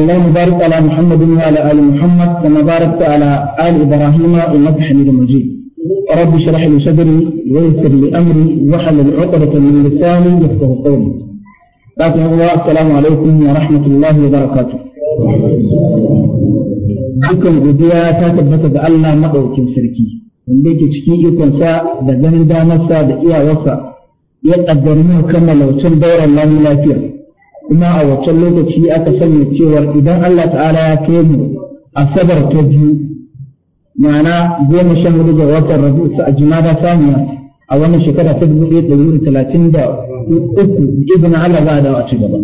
اللهم بارك على محمد وعلى آل محمد كما باركت على آل إبراهيم إنك حميد مجيد رب اشرح لي صدري ويسر لي أمري واحلل عقدة من لساني يفقه قولي لكن الله السلام عليكم ورحمة الله وبركاته dukkan godiya ta tabbata ga Allah maɗaukin sarki wanda yake cikin ikonsa da ganin damarsa da iyawarsa ya ƙaddari mu kammala wancan dauran lamu lafiya kuma a wancan lokaci aka sanya cewar idan Allah ta'ala ya kai mu asabar ta biyu ma'ana goma shan hudu ga watan rabi'u a jumada saniya a wannan shekara ta dubu ɗaya da ɗari talatin da uku ibn Allah za a dawo a ci gaba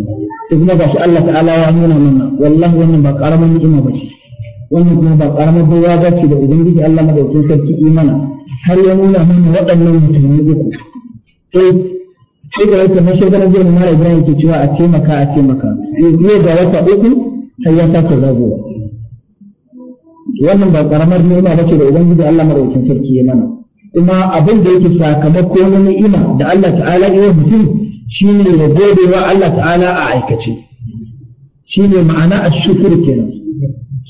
to kuma shi Allah ta'ala ya nuna mana wallahi wannan ba karamin ni'ima ba ce wannan kuma ba karamin baiwa ba ce da ubangiji Allah madaukakin sarki imana har ya nuna mana waɗannan mutane uku sai da yake mai zai nuna da ibrahim ke cewa a taimaka a taimaka ne ga wata uku sai ya sake zagowa wannan ba karamar ni'ima bace da ubangiji Allah madaukakin sarki ya mana kuma abin da yake sakamako na ni'ima da Allah ta'ala ya mutum shine ya gode wa Allah ta'ala a aikace shine ma'ana a shukr kenan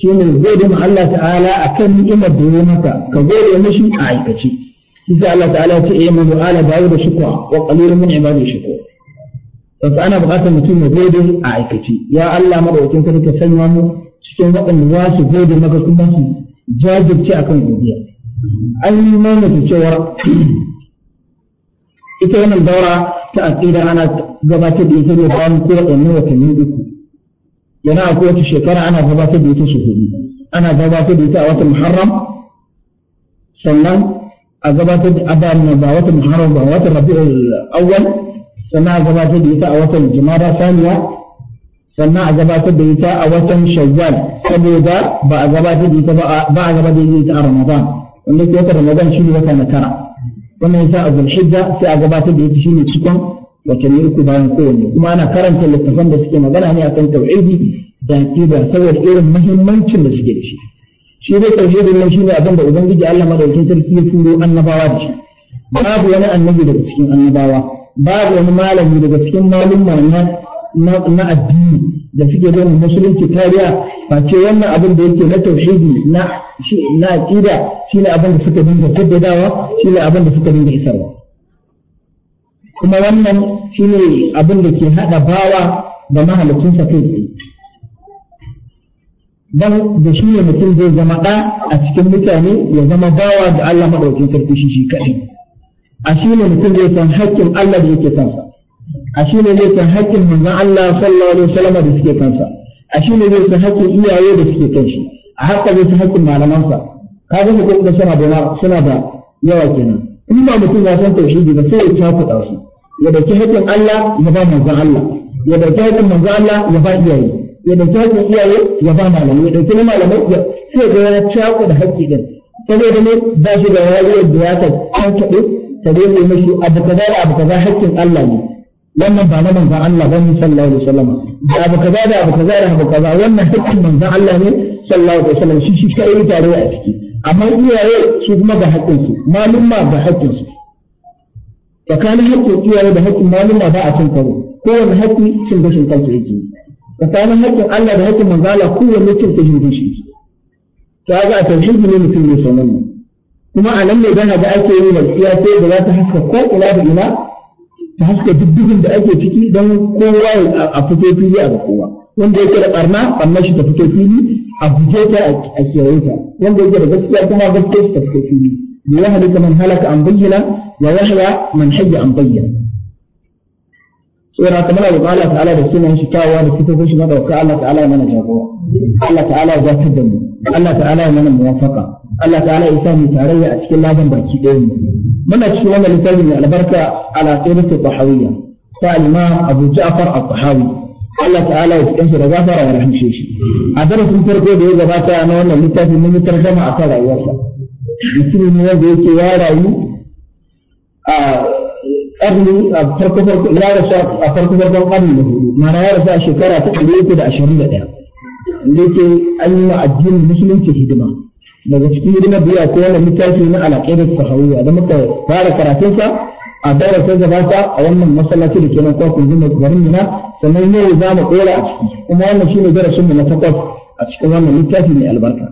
shine gode ma Allah ta'ala akan ni'imar da ya maka ka gode mishi a aikace sai Allah ta'ala ya ce eh mu ala bayu da shukwa wa qalilun min ibadi shukwa yanzu ana buƙatar mutum ya gode a aikace ya Allah madaukakin sarki ka sanya mu cikin waɗanda za su gode maka kuma su jajirce akan godiya an yi mamata cewa ita wannan daura ta aqida ana gabatar da ita ne bayan kowaɗanne watanni uku yana a kowace shekara ana gabatar da ita su hudu ana gabatar da ita a watan muharram sannan a gabatar da adan ba watan muharram ba watan rabi'ul awwal sannan a gabatar da ita a watan jumada saniya sannan a gabatar da ita a watan shawwal saboda ba a gabatar da ita ba a gabatar da ita a ramadan wanda ke wata ramadan shi ne wata na tara wannan yasa a zulhijja sai a gabatar da ita shi ne cikon watanni uku bayan kowanne kuma ana karanta littafan da suke magana ne akan tauhidi da aqida saboda irin muhimmancin da suke da shi shi dai tauhidin nan shine abin da ubangiji Allah madaukakin sarki ya turo annabawa da shi babu wani annabi daga cikin annabawa babu wani malami daga cikin malumma na na addini da suke zama musulunci kariya ba ce wannan abin da yake na tauhidi na na aqida shine abin da suka dinga tabbadawa shine abin da suka dinga isarwa kuma wannan shine abin da ke hada bawa da mahalicinsa kai tsaye dan da shi ne mutum zai zama ɗa a cikin mutane ya zama bawa da Allah maɗaukin sarki shi shi kaɗai a shi ne mutum zai san haƙƙin Allah da yake kansa a shi ne zai san haƙƙin manzon Allah sallallahu alaihi wasallam da suke kansa a shi ne zai san haƙƙin iyaye da suke kansa. a haƙƙa zai san haƙƙin malamansa ka ga mutum da suna da suna da yawa kenan in ba mutum ya san tauhidi ba sai ya cakuɗa su ya dauki haƙƙin Allah ya ba manzon Allah ya dauki haƙƙin manzon Allah ya ba iyaye ya dauki haƙƙin iyaye ya ba malamai ya dauki na malamai ya sai ga ya cako da haƙƙi din saboda ne ba shi da rayuwar da ya tantaɗe ta dai mashi abu kaza da abu kaza haƙƙin Allah ne wannan ba na manzan Allah ba ne sallallahu alaihi wasallam da abu kaza da abu kaza da abu kaza wannan haƙƙin manzan Allah ne sallallahu alaihi wasallam shi shi kai yi tare a ciki amma iyaye su kuma ga haƙƙin su malumma ga haƙƙin su tsakanin haƙƙin iyaye da haƙƙin malumma ba a cin karo kowane haƙƙi cin gashin kansa yake yi tsakanin haƙƙin Allah da haƙƙin manzo Allah kowanne cin tajwidi shi to ga a tajwidi ne mutum ne sanan kuma a nan ne gana da ake yi walƙiya sai da za ta haska ko ila da ila ta haska diddigin da ake ciki don kowa a fito fili a ga kowa wanda yake da barna barna shi ta fito fili a guje ta a kiyaye wanda yake da gaskiya kuma gaskiya ta fito fili ya halitta man halaka an bayyana, ya ويحيى man حي an بينه tsora ta mana roƙa Allah ta'ala da sunan shi kyawawa da fitofin shi madauka Allah ta'ala mana jagora Allah ta'ala ya zafar da mu Allah ta'ala ya mana muwaffaqa Allah ta'ala ya sa mu tarayya a cikin ladan baki ɗaya mu muna cikin wannan littafin mai albarka ala tsirratu tahawiyya ta al Abu Ja'far al-Tahawi Allah ta'ala ya cikin da gafara ya rahimshe shi a darasin farko da ya gabata na wannan littafin mun yi tarjama akan rayuwarsa mutum ne wanda yake ya rayu a ƙarni a farko farko ya rasu a farko farkon ƙarni da hudu mana ya rasu a shekara ta ɗari uku da ashirin da ɗaya da yake yi wa addinin musulunci hidima daga cikin hidimar biya ko wani littafi na alaƙai da sahawiyya da muka fara sa a daura ta gabata a wannan masallaci da kenan kwakwun zuma garin mina sannan yau za mu ɗora a ciki kuma wannan shine darasin mu na takwas a cikin wannan littafi mai albarka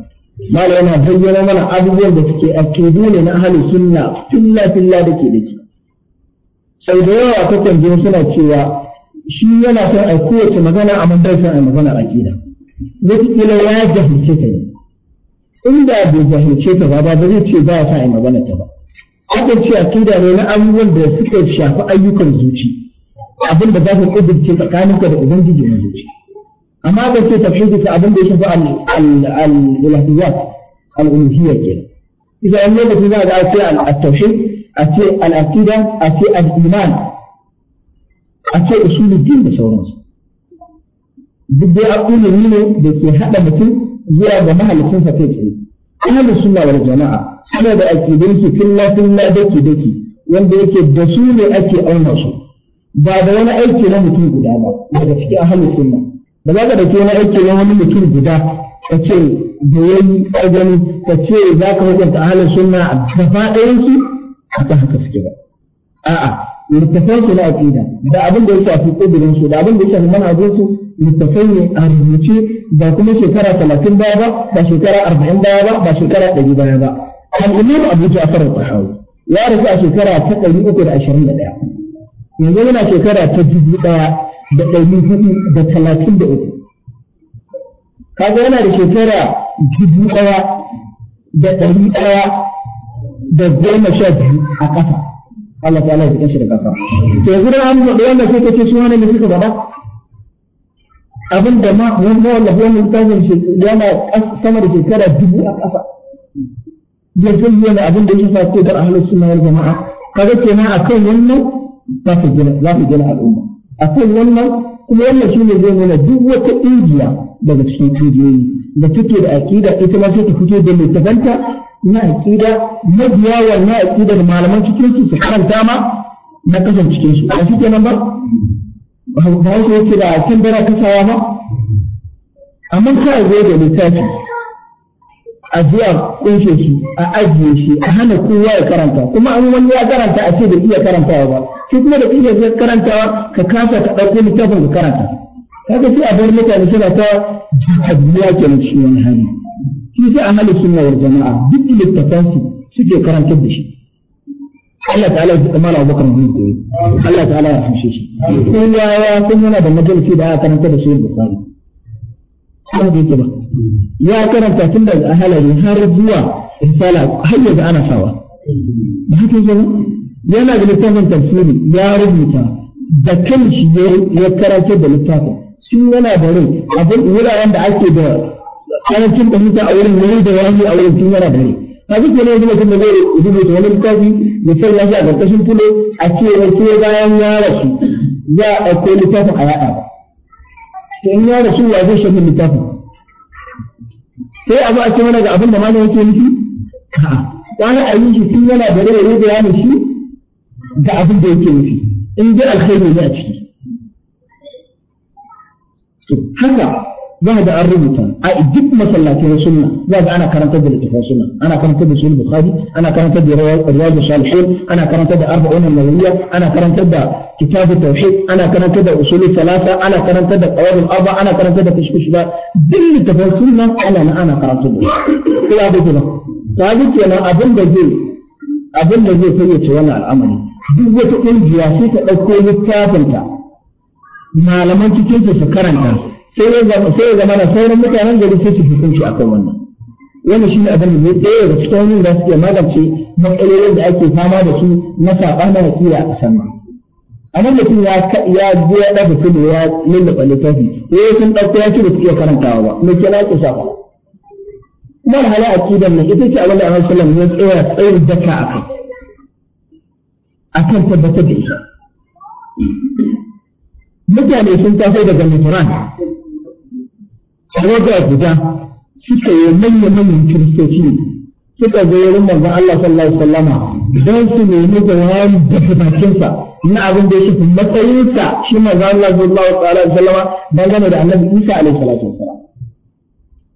malam yana bayyana mana abubuwan da suke akidu ne na ahlus sunna filla filla dake ke. sai da yawa kukan je suna cewa shi yana son a kowace magana a bai a magana a kida kila ya jahilce ta yi. inda bai jahilce ta ba ba zai ce ba ya sa a magana ta ba akan ce akida ne na abubuwan da suka shafi ayyukan zuci abin da za ka kudurce tsakaninka da ubangiji na zuci amma ba ce fi ta abin da ya shafi al-ilahiyyat al-uluhiyya kenan idan an lokaci za a ga sai al-tauhid a ce al'aqida a ce al'iman a ce usuluddin da sauransu duk dai ilimi ne da ke haɗa mutum zuwa ga mahalicinsa kai tsaye ahlus suna wal jama'a suna da aqidun ki filla filla daki daki wanda yake da su ne ake auna su ba da wani aiki na mutum guda ba daga cikin ahlus suna. ba za ka da wani aiki na wani mutum guda ka ce da yayi ka gani ka ce za ka hukunta ahlus sunna gaba ɗayan su haka haka suke ba a'a littafai ke na aqida da abin da ya shafi kudurin su da abin da ya shafi manhajin su littafai ne a rubuce ba kuma shekara talatin baya ba ba shekara arba'in baya ba ba shekara ɗari baya ba al-imam abu ja'far al-tahawi ya rasu a shekara ta ɗari uku da ashirin da ɗaya yanzu yana shekara ta dubu ɗaya da ɗari huɗu da talatin da uku kaga yana da shekara dubu ɗaya da ɗari ɗaya da goma sha biyu a ƙasa Allah ta'ala ya fikin shi da ƙasa to yanzu da an faɗi wannan sai kace su wani ne suka faɗa abin da ma wani wallahi wannan tsarin shi yana sama da shekara dubu a ƙasa bai san yana abin da ya shafa ko da ahlus sunna wal jama'a kaga kenan akan wannan za su gina za su gina al'umma akan wannan kuma wannan shine zai nuna duk wata injiya daga cikin injiyoyi da take da akida ita ma sai ta fito da littafanta na aqida wa na aqida da malaman cikin su su karanta ma na kasan cikin su a cikin nan ba ba su yake da kan dara kasawa ba amma ka zo da littafi a zuwa kunshe shi a ajiye shi a hana kowa ya karanta kuma an wani ya karanta a ce da iya karantawa ba shi kuma da iya karantawa ka kasa ka ɗauko littafin ka karanta kaga sai a bar mutane suna ta jihadiyya kenan cikin wani hali shi sai a halin sunna wa jama'a duk littafan su suke karantar da shi Allah ta'ala ya kuma Abu Bakar mun koyi Allah ta'ala ya hamshe shi kowa ya kuma yana da majalisi da aka karanta da shi Bukhari har da ba ya karanta tun da ahalari har zuwa risala har yanzu ana sawa da haka yake yana da littafin tafsiri ya rubuta da kan shi ya karanta da littafin sun yana da rai abin wuraren da ake da karancin fahimta a wurin yayi da wani a wurin tun yana da ne ka ji kenan yanzu mutum da zai rubuta wani littafi ya sanya shi a karkashin fulo a ce wato bayan ya rasu za a ɗauko littafin a yaɗa ba to in ya rasu ya zai shafin littafin sai a abu a ce mana ga abin da malam yake nufi kwana a yi shi tun yana da rai rai bayanin shi ga abin da yake nufi in dai alkhairi ne a ciki haka za ga an rubuta a duk masallatai sunna za ga ana karantar da littafin sunna ana karantar da sunan bukhari ana karantar da riyadu salihin ana karantar da arba'un an-nawawiyya ana karantar da kitabu tauhid ana karantar da usuli salasa ana karantar da qawaid arba ana karantar da kashkush ba duk littafin sunna ana na ana karantar da su ya da kuma ta ga kenan abin da zai abin da zai fayyace wannan al'amari duk wata kungiya sai ta dauko littafinta malaman cikin su karanta sai ya zama na sauran mutanen gari sai su hukunci akan wannan wannan shine abin da zai ɗaya da cikin wani da suke magance matsalolin da ake fama da su na saɓanin hakira a ƙasar nan amma mutum ya ya je ya dafa kudu ya lullaba littafi eh, ya sun dauko ya ci da iya karantawa ba me kenan ku safa kuma da hala aqidan nan ita ce abin da Annabi sallallahu ya wasallam ya tsaya tsayin daka akai akan tabbatar da ita mutane sun taso daga Mitran tawaga guda suka yi manya-manyan kiristoci suka zo wurin manzon Allah sallallahu alaihi wasallama don su nemi jawabi da bakinsa na abin da ya kuma matsayinsa shi manzon Allah sallallahu alaihi wasallama dangane da annabi Isa alaihi salatu wasallam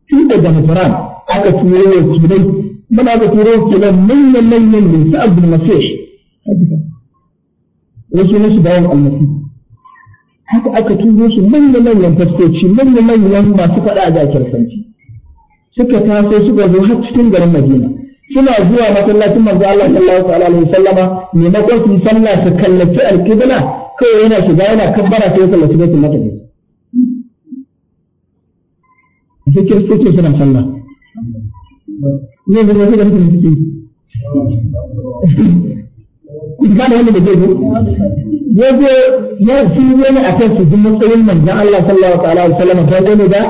tun da Nasran aka turo wakilai muna ga turo wakilan manyan manyan ne su Abdul Masih wasu su bayan almasihi haka aka turo su manya-manyan fastoci manya-manyan masu faɗa a kirkanci suka taso suka zo har cikin garin madina suna zuwa masallacin manzo Allah sallallahu alaihi wasallama maimakon su yi sallah su kallaci alƙibla kai yana shiga yana kabbara sai kallaci baitul maqdis zikir suke suna salla ne da ne da mutum suke yi ba da wanda da zai zo ya zo ya sun yana a kan su matsayin manzan Allah sallallahu alaihi wasallam ta gane da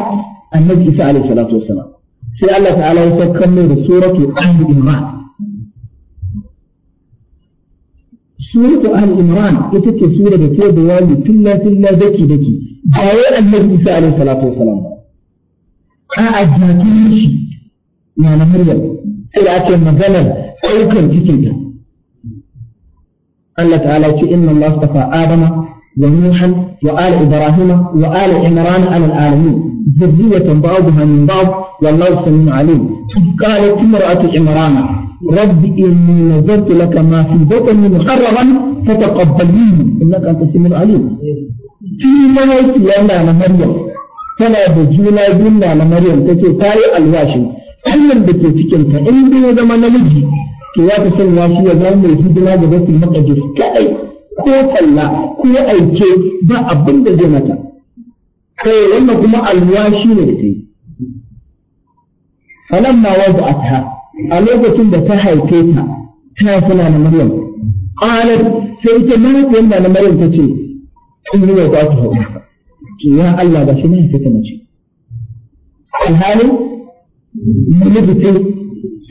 annabi Isa alaihi salatu wasallam sai Allah ta'ala ya saukar mai da suratu Ali Imran suratu Ali Imran ita ce sura da ke bayani tilla tilla daki daki ba wai annabi Isa alaihi salatu wasallam a ajakin shi na na Maryam sai ake maganar ɗaukar cikin ta Allah ta'ala ce inna Allah astafa Adama wa Nuhan wa ala Ibrahim wa ala Imran ala alamin zurriyatan ba'daha min ba'd wallahu samiu alim رب إني نذرت لك ما في بطني محررا فتقبل إنك أنت السميع العليم. في نهاية أنا مريم tana da juna biyu na Maryam ta ce ta yi alwashi hanyar da ke cikinta in bin zama namiji to ya ta sanya shi ya zama mai hidima ga bakin maƙadis kaɗai ko talla ko aike ba abin da zai mata kai wannan kuma alwashi ne da ta yi falamma ta a lokacin da ta haife ta ta suna na maryam qalat sai ita mahaifiyar da na maryam ta ce in yi wa ta hauka ki ya Allah ba shi mahaifiyar ta mace alhalin namiji ce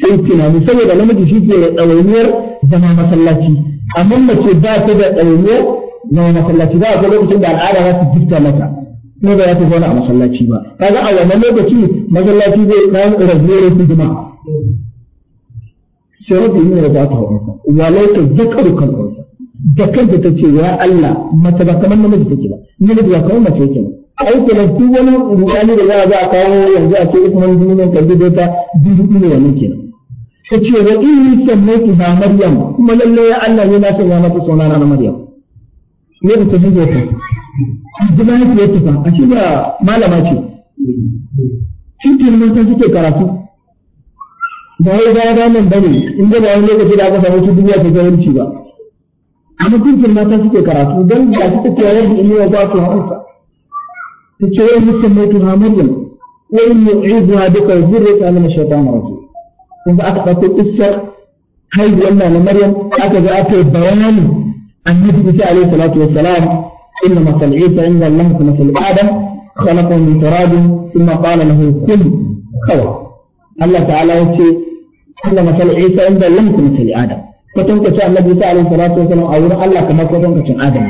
sai tunani saboda namiji shi ke da ɗawainiyar zama masallaci amma mace ba ta da ɗawainiyar zama masallaci ba a lokacin da al'ada za ta gifta mata kuma ba za ta zauna a masallaci ba kaga a wannan lokaci masallaci zai dan razuwa hidima sai yi ne da ta hawa wa ta zakaru kan kansa da kanta ta ce ya Allah mace ba kamar namiji take ba namiji ba kamar mace yake ba ai kenan duk wani ruɗani da za a kawo yanzu a ce ita wani duniyar kalbi da ta dudu ne wannan kenan ta ce wa inni sammaitu ba maryam kuma lalle ya Allah ne na ya mata suna na maryam ne da tafi ta ji ba ya tafi a shi da malama ce cikin mata suke karatu ba wai ga da nan bane in ga wani lokaci da aka samu su duniya ta zalunci ba amma cikin mata suke karatu dan da suke cewa yadda ilmi wa ba ku ta wa inni sammaitu ba maryam wa inni u'izuha bika wa dhurriyyata ta ash-shaytanir rajim kun aka ɗauko iskar haihuwar na maryam aka ga aka yi bayani annabi isa alaihi salatu wassalam inna masal isa inda allah ka masal adam خلقه من تراب ثم قال له كن كوا الله تعالى يقول كل مثل عيسى عند الله كمثل ادم فتنكش النبي صلى الله عليه وسلم او الله كما فتنكش ادم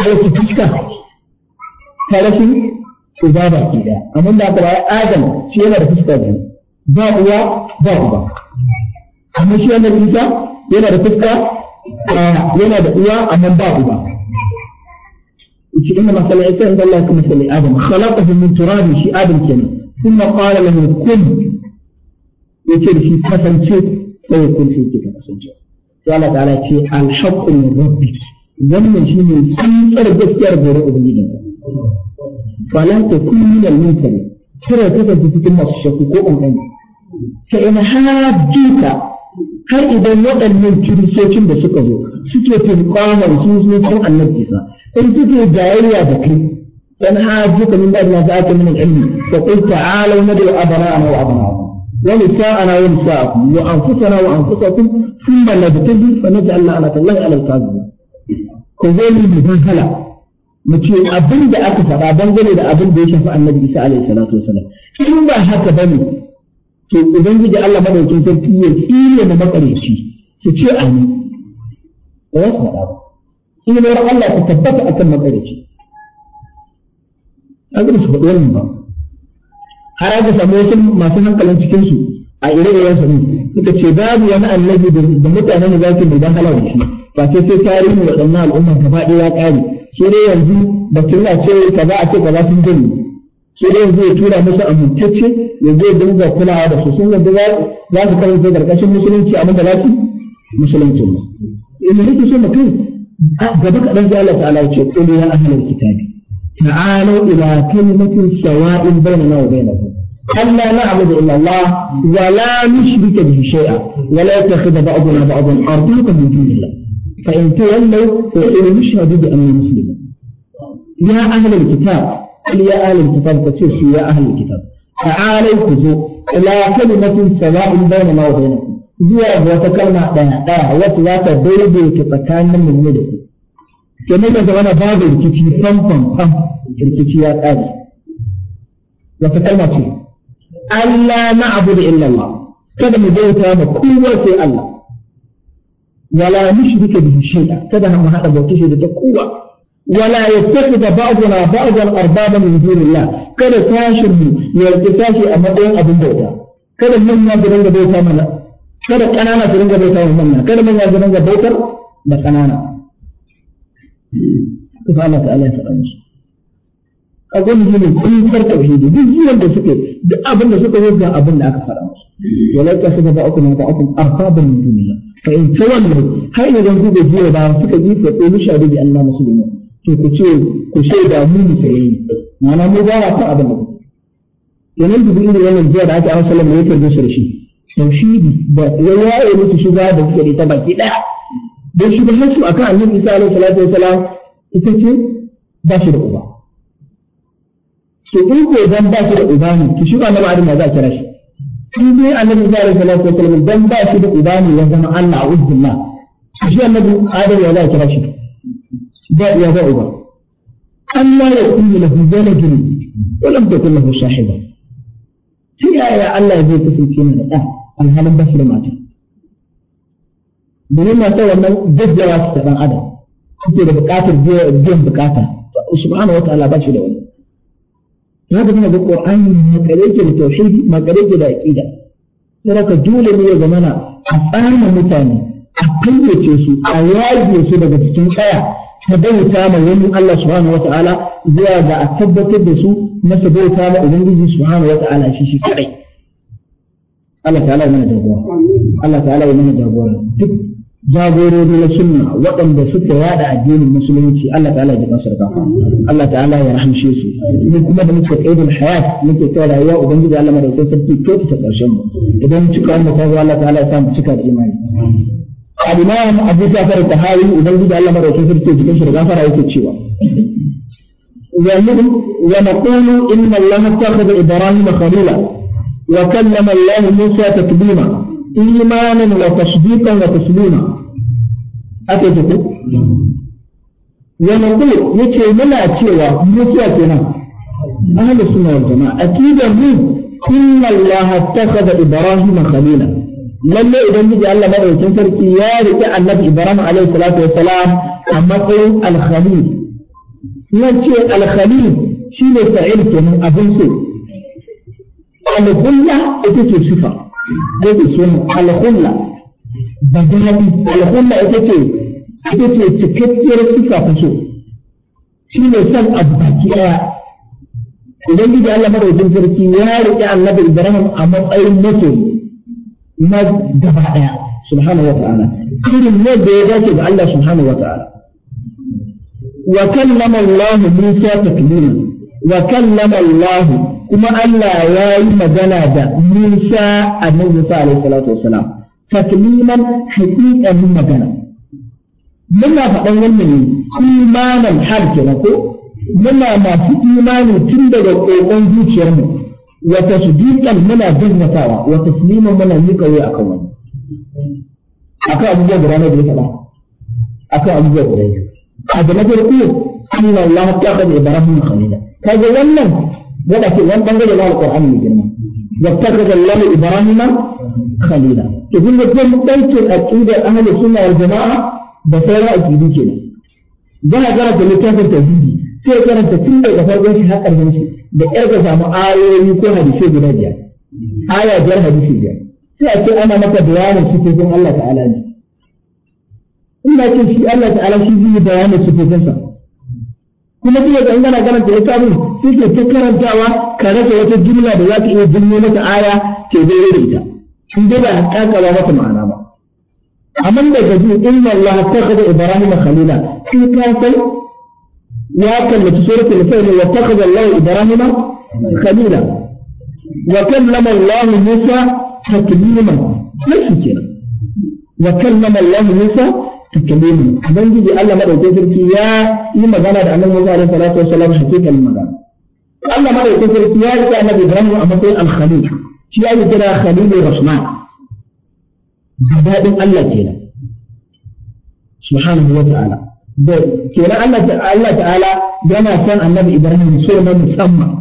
sai su fuska ta rashin su ba baki daya amma da aka adam shi yana da fuska biyu ba uwa ba انا amma shi annabi Isa yana da fuska yana da uwa amma ba uba إن مثل عيسى عند الله كمثل آدم خلقه من تراب شيء آدم كان ثم قال له كن يكير شيء حسن شيء فيكون شيء كده حسن شيء قال تعالى شيء الحق من ربك ومن شيء من سنسر بسير بورو بنيدن فلا تكون من المنكر ترى كده تتكلم الشكوك أم أنت فإن حاجيك har idan waɗannan kiristocin da suka zo suke tunkwamar su sun san annabi isa in suke jayayya da kai dan hajjuka min ba'd ma za'aka min al-ilmi fa qul ta'alu nadu abara'ana wa abna'ana wa nisa'ana wa nisa'akum wa anfusana wa anfusakum 'ala ko hala abin da aka faɗa dangane da abin da ya shafi annabi isa alaihi salatu wasalam in ba haka bane to ubangiji Allah madaukin sarki ya tsire na makareci ki ce amin ya Ina tsirar Allah ta tabbata akan makareci an gina su faɗi wannan ba har aka samu wasu masu hankalin cikin su a ire-iren su suka ce babu wani annabi da mutane da za su mai dan halawa shi ba sai sai tarihin waɗannan al'umman gaba ɗaya ya ƙare sai dai yanzu ba su na ce kaza a ce kaza sun gani shi dai zai tura musu amintacce ya zai dinga kulawa da su sun yadda za su karanta karkashin musulunci a magalati musulunci ne in yake so mutum gaba kaɗan sai Allah ta'ala ya ce qul ya ahlal kitabi ta'alu ila kalimatin sawa'in bainana wa bainakum ألا نعبد إلا الله ولا نشرك به شيئا ولا يتخذ بعضنا بعضا أرضاكم من دون الله فإن تولوا فإن نشهد بأن مسلم يا أهل الكتاب قل يا أهل الكتاب كتير يا أهل الكتاب تعالوا كذو إلى كلمة سواء بيننا وبينكم zuwa ga kalma ɗaya ɗaya wata za ta daidaita tsakanin mu da ku kenan da zama babu rikici fam fam fam rikici ya tsari wata kalma ce Allah na abu da illallah kada mu bauta ma sai Allah wala mushrika bihi kada ولا يتخذ بعضنا بعض الأرباب من دون الله كذا تاشر من يلتفاش أمدين أبو بوتا كذا من يجرنج بوتا منا كذا قنانا جرنج بوتا منا كذا من يجرنج بوتا لقنانا تفعل تعالى أقول لهم كل فرق وحيد دي زي عند سكت ده أبن ده سكت وجه أبن ده من to ku ce ku da mu musulmi ne mana mu ba ta abin da ke kenan dubu inda wannan jiya da aka an sallama yake karbi shi to shi da ya yaye mutu shi ba da suke da baki daya dan shi ba su akan annabi Isa alaihi salatu wasalam ita ce ba shi da uba to in ko dan ba shi da uba ne to shi ba na ma za a kira shi in dai annabi Isa alaihi salatu wasalam dan ba shi da uba ne ya zama Allah a'udhu billah shi annabi adam ya za a kira shi ba ya ba uba Allah ya kullu lahu waladun wa lam takul lahu ta yaya Allah zai kasance mana da alhalin ba shi da mata domin mata wannan jajjawa ta dan adam suke da bukatar biyan bukata subhanahu wataala ba shi da wani haka kuma ga qur'ani makare ke da tauhidi makare ke da aqida saraka dole ne ya zamana a tsama mutane a kayyace su a yaje su daga cikin tsaya ta bauta ma wani Allah subhanahu ta'ala zuwa ga a tabbatar da su na ta bauta ma ubangiji subhanahu wata'ala shi shi kadai Allah ta'ala ya mana jagora Allah ta'ala ya mana jagora duk jagorori na sunna waɗanda suka yada addinin musulunci Allah ta'ala ya kasar ka Allah ta'ala ya rahamshe su ni kuma da muke kaidin hayat muke kai rayuwa ubangiji Allah madaukakin sarki kyautu ta karshen mu idan mu cika mu kawo Allah ta'ala ya samu cika da imani الإمام أبو جعفر الطحاوي إذا جد الله مرة كيف تجد كشر غفر أو كتشوى ونقول إن الله اتخذ إبراهيم خليلا وكلم الله موسى تكليما إيمانا وتصديقا وتسليما أتجد ونقول يتشي ملا تشوى موسى كنا أهل السنة والجماعة أكيد من إن الله اتخذ إبراهيم خليلا lalle ubangiji Allah madaukakin sarki ya rike annabi Ibrahim alaihi salatu wassalam a matsayin al-khalil nan ce al-khalil shine fa'il kenan abin so al-khulla ita ce sifa ita ce al-khulla al-khulla ita ce ita ce cikakkiyar sifa ta so shine san abu baki daya ubangiji Allah madaukakin sarki ya rike annabi Ibrahim a matsayin mutum na gaba daya subhanahu wa ta'ala irin ne da ya dace da Allah subhanahu wa ta'ala wa kallama Allah Musa taklima wa kallama Allah kuma Allah ya yi magana da Musa annabi Musa alaihi salatu wassalam takliman haqiqan magana muna faɗan wannan ne imanan har kenan ko muna masu imani tun daga kokon zuciyarmu wa tasdiqan muna gaskatawa wa tasliman muna miƙa wuya akan wani akan abubuwa guda na biyu faɗa akan abubuwa guda biyu abu na farko inna Allah ta'ala ibrahim khalila kaga wannan wanda wani bangare na واتخذ الله ابراهيم خليلا تقول لك كم تنكر عقيدة أهل السنة والجماعة بسيرة أكيدي ده قرأت اللي كان في sai karanta tun daga farkon shi har ƙarshen shi da ƴar ka samu ayoyi ko hadisi guda biyar aya biyar hadisi biyar sai a ce ana maka bayanin sifofin Allah ta'ala ne in ba ce shi Allah ta'ala shi zai bayanin sifofinsa kuma duk da ina karanta ita mun sai ke ta karantawa ka rage wata jumla da za ta iya jinne mata aya ke zai da ita in dai ba a kakala mata ma'ana ba amma da gaji inna Allah ta khada Ibrahim khalila in ka san يا سورة الفيل واتخذ الله إبراهيم خليلا وكلم الله موسى تكليما ليس كده وكلم الله موسى تكليما أبن جدي ألا مرة تفرك يا إما قال دعنا موسى عليه الصلاة والسلام حقيقة المغانا مرة مدعو تفرك يا إذا أنا إبراهيم أمطي الخليل في أي كده خليل الرحمن هذا ألا كده سبحانه وتعالى da kenan Allah Allah ta'ala yana son annabi Ibrahim so na musamman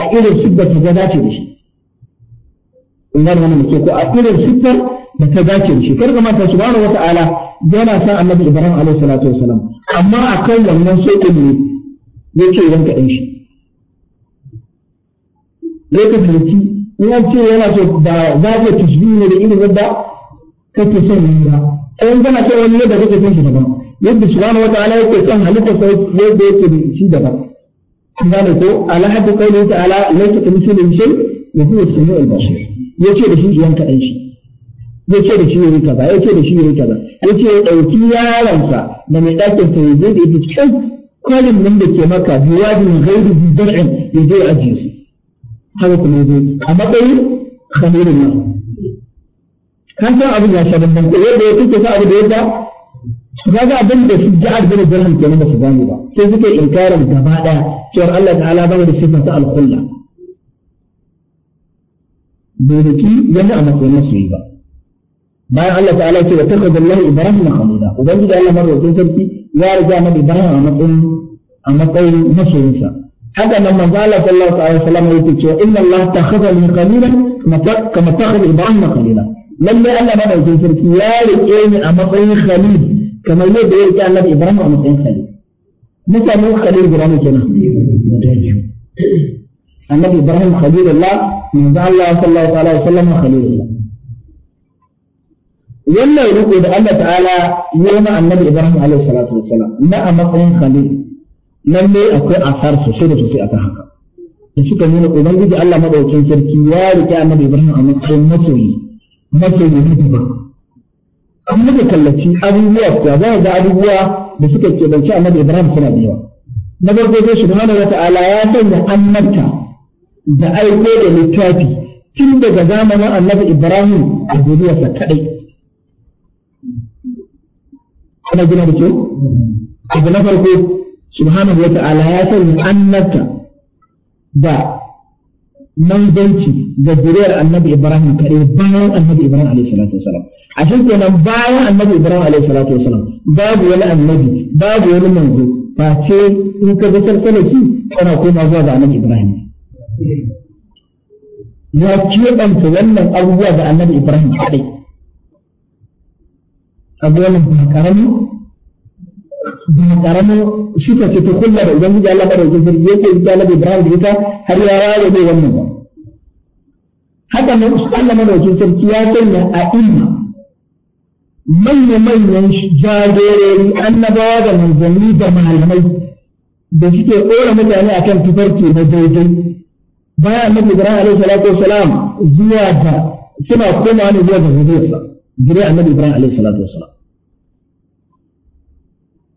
a irin sibbar ta dace da shi in gane wannan muke ko a irin sibbar da ta dace da shi kar ka manta subhanahu wata'ala yana son annabi Ibrahim alaihi salatu wasalam amma akan wannan so din ne yake yanka ɗan shi lokacin da ci ina ce yana so ba za ka tashbihi ne da irin wanda kake son yi ba in kana so wani yadda kake son shi daban yadda subhanahu wa ta'ala yake son halitta sai yadda yake da shi daban kun gane ko ala qawli ta'ala laysa shay wa huwa as-sami'u al-basir yace da shi yanka dan shi ya ce da shi ya yi ya ce da shi ya yi ya ce ya ɗauki da mai ya da ita can kalin nan da ke maka biwadin gairu bi zar'in ya je ya ajiye haka kuma ya a matsayin khamirin nan kan san abin ya sha bambam ko yadda ya kuke sa abu da yadda kaga abin da su ja'ad bin dirham kenan ba su gane ba sai suke inkarin gaba daya cewar Allah ta'ala ba da sifa ta al-khulla bai da ki yana a matsayin masoyi ba bayan Allah ta'ala ce wa takhadha Allah Ibrahim khalila ubangiji Allah marwayin sarki ya riga mana Ibrahim a matsayin a matsayin masoyinsa haka nan manzo Allah sallallahu alaihi wasallam yake cewa inna Allah takhadha min khalila kama takhadha Ibrahim khalila lalle Allah madaukakin sarki ya rike ni a matsayin khalil kamar yadda ya riƙe annabi Ibrahim a matsayin khalil mutane ku khalil Ibrahim kenan annabi Ibrahim khalilullah manzo Allah sallallahu alaihi wa wasallam khalilullah wannan riko da Allah ta'ala ya yi annabi Ibrahim alaihi salatu wasallam na a matsayin khalil nan ne akwai asar sosai da sosai akan haka da suka nuna ubangiji Allah madaukakin sarki ya riƙe annabi Ibrahim a matsayin masoyi masoyi ne ba an muka kallaci abubuwa da za ga abubuwa da suka ke bance annabi Ibrahim suna da yawa na farko dai subhanahu wata'ala ya sanya annabta da aiko da littafi tun daga zamanin annabi Ibrahim a duniyarsa kadai kana gina da kyau abu na farko subhanahu wa ta'ala ya sanya annabta da manzanci da zuriyar annabi ibrahim kare bayan annabi ibrahim alaihi salatu wasalam a shi kenan bayan annabi ibrahim alaihi salatu wasalam babu wani annabi babu wani manzo ba ce in ka ga sarkala shi kana koma zuwa ga annabi ibrahim ya keɓanta wannan abubuwa ga annabi ibrahim kadai abubuwan ba karamin ba karamin shuka ce ta kulla da ubangiji Allah madaukakin sarki yake yi ta annabi ibrahim da ita har ya yawo mai wannan ba haka nan Allah madaukin sarki ya sanya a ilma manya-manyan jagorori annabawa da manzanni da malamai da suke ɗora mutane a kan tufarki na daidai bayan annabi ibrahim alaihi salatu wasalam zuwa ga suna komawa ne zuwa ga zuriyarsa zuriyar annabi ibrahim alaihi salatu wasalam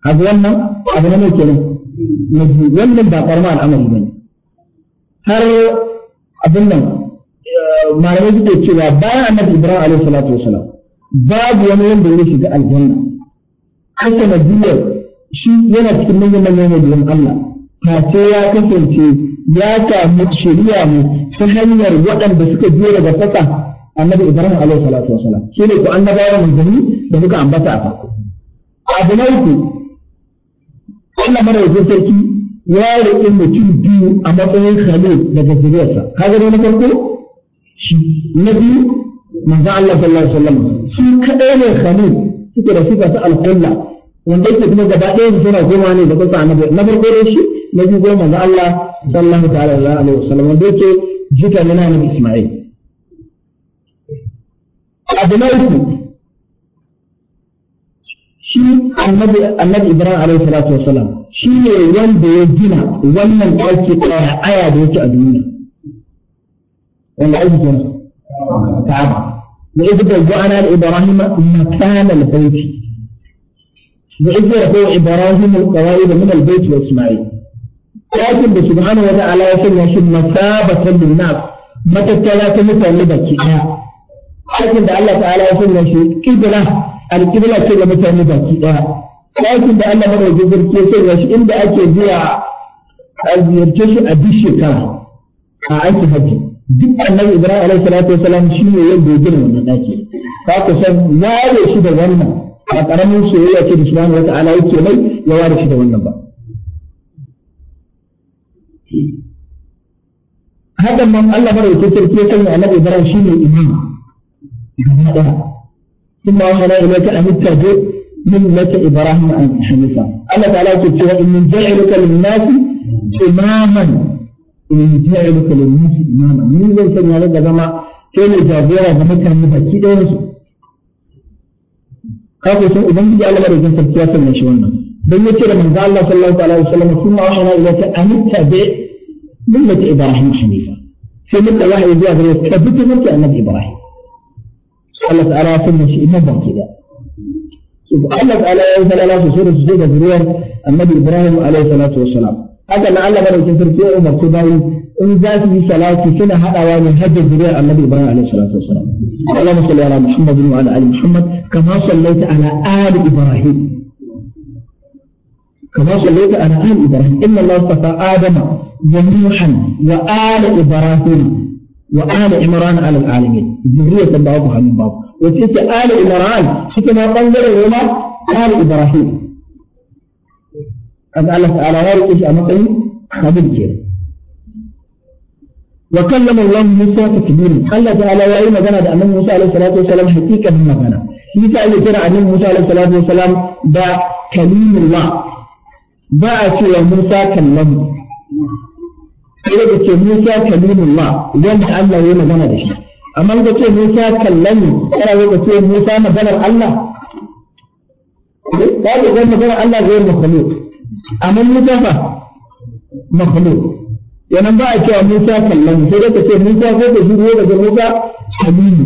abu wannan abu na mai kenan wannan ba ƙarama al'amari ba ne har abin nan malamai suke cewa bayan annabi Ibrahim alaihi salatu wasalam babu wani wanda ya shiga aljanna haka na biyar shi yana cikin manyan manyan wajen Allah Ka ce ya kasance ya samu shari'a mu ta hanyar waɗanda suka biyo daga fasa annabi Ibrahim alaihi salatu wasalam shi ne ku annabawa gani da suka ambata a farko abu na uku wannan mara wajen sarki ya riƙe mutum biyu a matsayin khalil daga zuriyarsa kaga ne na farko shi na biyu manzo Allah sallallahu alaihi wasallam shi kadai ne khalil suke da sifa ta al-khulla wanda yake kuma gaba ɗaya su suna goma ne da kusa annabi na farko dai shi na biyu goma manzo Allah sallallahu ta'ala alaihi wasallam wanda yake jika ne na Isma'il abu na uku shi annabi annabi ibrahim alaihi salatu wasalam shi ne wanda ya gina wannan ɗaki ɗaya aya da yake a duniya العيد جنة كعبة جعل الإبراهيم مكان البيت وإذ هو إبراهيم القوائد من البيت وإسماعيل لكن سبحانه وتعالى يسمى شيء مثابة للناس متى الثلاثة متولدة كده لكن الله تعالى يسمى شيء قبلة القبلة كده متولدة كده لكن ده الله مرة جزر كيسر وش إن ده أكي بيع الزيارتش أدي الشكرة أعيك هجم duk annabi ibrahim alaihi salatu wasalam shi ne ya gobe wannan daki ka ku san ware shi da wannan a karamin soyayya ce da subhanahu wata'ala yake mai ya ware shi da wannan ba hakan nan Allah madaukakin sarki ya sanya annabi ibrahim shi ne imam gaba daya min وحنا Ibrahim أن اتبع Allah ta'ala حنيفا الله تعالى يقول إن جعلك للناس إماما in kiyaye maka lalmuci imama ni zan sanya daga zama kai ne jagora ga mutane baki ɗayan su kafin sun ubangiji Allah da rikin sarki ya sanya shi wannan dan yace da manzo Allah sallallahu alaihi wasallam kuma wa ana ila ta anitta bi millati ibrahim hanifa sai mun Allah ya zuwa gare ka bi ta annabi ibrahim Allah ta'ala ya sanya shi imam baki da Allah ta'ala ya sallala su sura su da zuriyar annabi ibrahim alaihi salatu wassalam haka na Allah madaukin sarki ya umarci bayi in za su yi salati suna hadawa ne hajjar zuriyar Annabi Ibrahim alaihi salatu wasalam Allahumma salli ala Muhammad wa ala ali Muhammad kama sallaita ala ali Ibrahim kama sallaita ala ali Ibrahim inna Allah tafa Adama wa Nuhan wa ala Ibrahim وآل عمران على العالمين ذرية بعضها من بعض وتلك آل عمران شكما قنزل العمر آل إبراهيم kaga Allah ya rike a matsayin abin ke wa kallama Allah Musa takbirin Allah ta'ala ya yi magana da annabi Musa alaihi salatu wasalam hakikan magana shi ta yi Musa alaihi salatu wasalam da kalimullah ba a cewa Musa kallamu sai da ke Musa kalimullah wanda Allah ya yi da shi amma da ce Musa kallamu kana da ce Musa maganar Allah eh, ba Allah amma Musa fa makhluq yanan ba a cewa Musa kallon sai da ce Musa ko da shigo daga Musa kalimu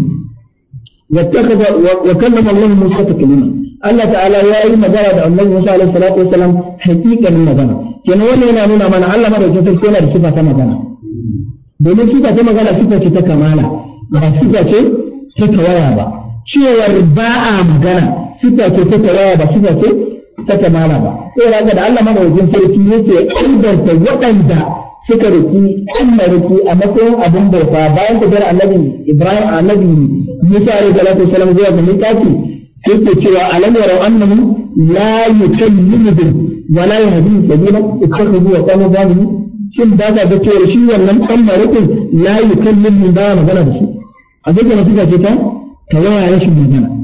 wattakhadha wa kallama Allah Musa taklima Allah ta'ala ya yi magana da Annabi Musa alaihi salatu wasalam hakikanin magana kenan wannan yana nuna mana Allah da madaukakin sarki yana da sifa ta magana domin sifa ta magana sifa ce ta kamala ba sifa ce ta tawaya ba cewar ba a magana sifa ce ta tawaya ba sifa ce ta kamala ba sai ga da Allah madaukakin sarki yake aibarta waɗanda suka riki Allah riki a matsayin abin bauta bayan ta tafiyar annabi Ibrahim annabi Musa alaihi salatu wasallam zuwa ga miƙati yake cewa alam yarau annahu la yukallimu wa la yahdi sabila ittakhadhu wa qalu zalimin shin ba ka ga cewa shi wannan Allah rikin la yukallimu ba magana da shi a duk da suka ce ta tawaya rashin magana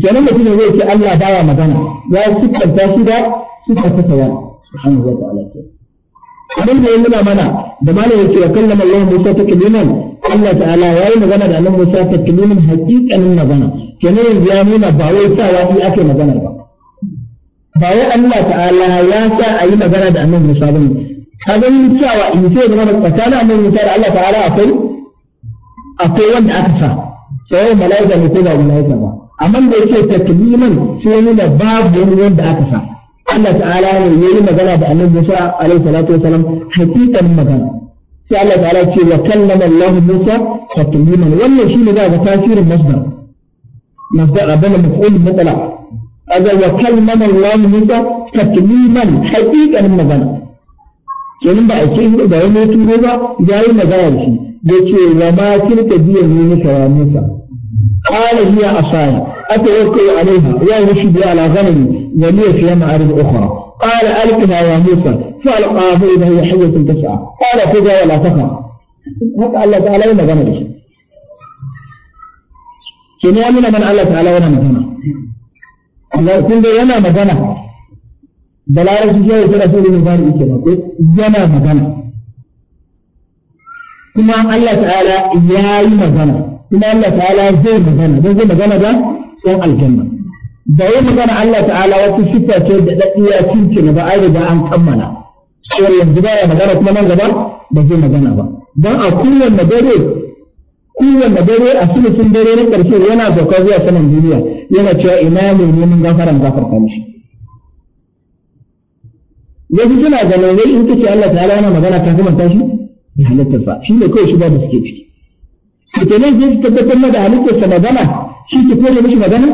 kenan mutum ne zai ce Allah baya magana ya siffanta shi da siffanta ta yana subhanahu wa ta'ala ke abin da ya nuna mana da malam yake wa kallama Allah Musa takliman Allah ta'ala ya yi magana da Allah Musa takliman haƙiƙanin magana kenan yanzu ya nuna ba wai sa wafi ake magana ba ba wai Allah ta'ala ya sa a yi magana da Allah Musa ba ne ka ga yin cewa in sai zama da tsakanin Allah Musa da Allah ta'ala akwai akwai wanda aka sa sai mala'ika ne ko ba mala'ika ba amma da yake takliman sai nuna babu wani wanda aka sa Allah ta'ala ne ya yi magana da Annabi Musa alaihi salatu wasalam hakikan magana sai Allah ta'ala ce wa kallama Allah Musa takliman wannan shi shine ga tasirin masdar masdar abana maf'ul mutlaq kaga wa kallama Allah Musa takliman hakikan magana kenan ba a ce da wani turo ba yayi magana da shi yace wa ma tilka biyan Musa wa Musa قال هي عصاي أتوكل عليها يا رشد على غنم ولي في معارض أخرى قال ألقها يا موسى فألقى فإذا هي حية تسعى قال خذها ولا تخف هكا الله تعالى ولا غنم شنو من من الله تعالى ولا مكانه الله كل يوم مكانه بلاغة جاء رسول الله صلى الله عليه وسلم مكانه ثم الله تعالى يا مكانه kuma Allah ta'ala zai magana don zai magana da son aljanna da yi magana Allah ta'ala wata siffa ce da daɗiya cinci na ba a riga an kammala so yanzu ba ya magana kuma nan gaba ba zai magana ba don a kowanne dare kowanne dare a sulusun dare na ƙarshe yana sauka zuwa saman duniya yana cewa ne mun gafara gafaran gafarta mishi yanzu suna ganin wai in kace Allah ta'ala yana magana ta kuma tashi ya halatta fa shi ne kawai shi ba da suke ciki to kenan sai tabbatar ma da halittar magana shi ki kore mishi magana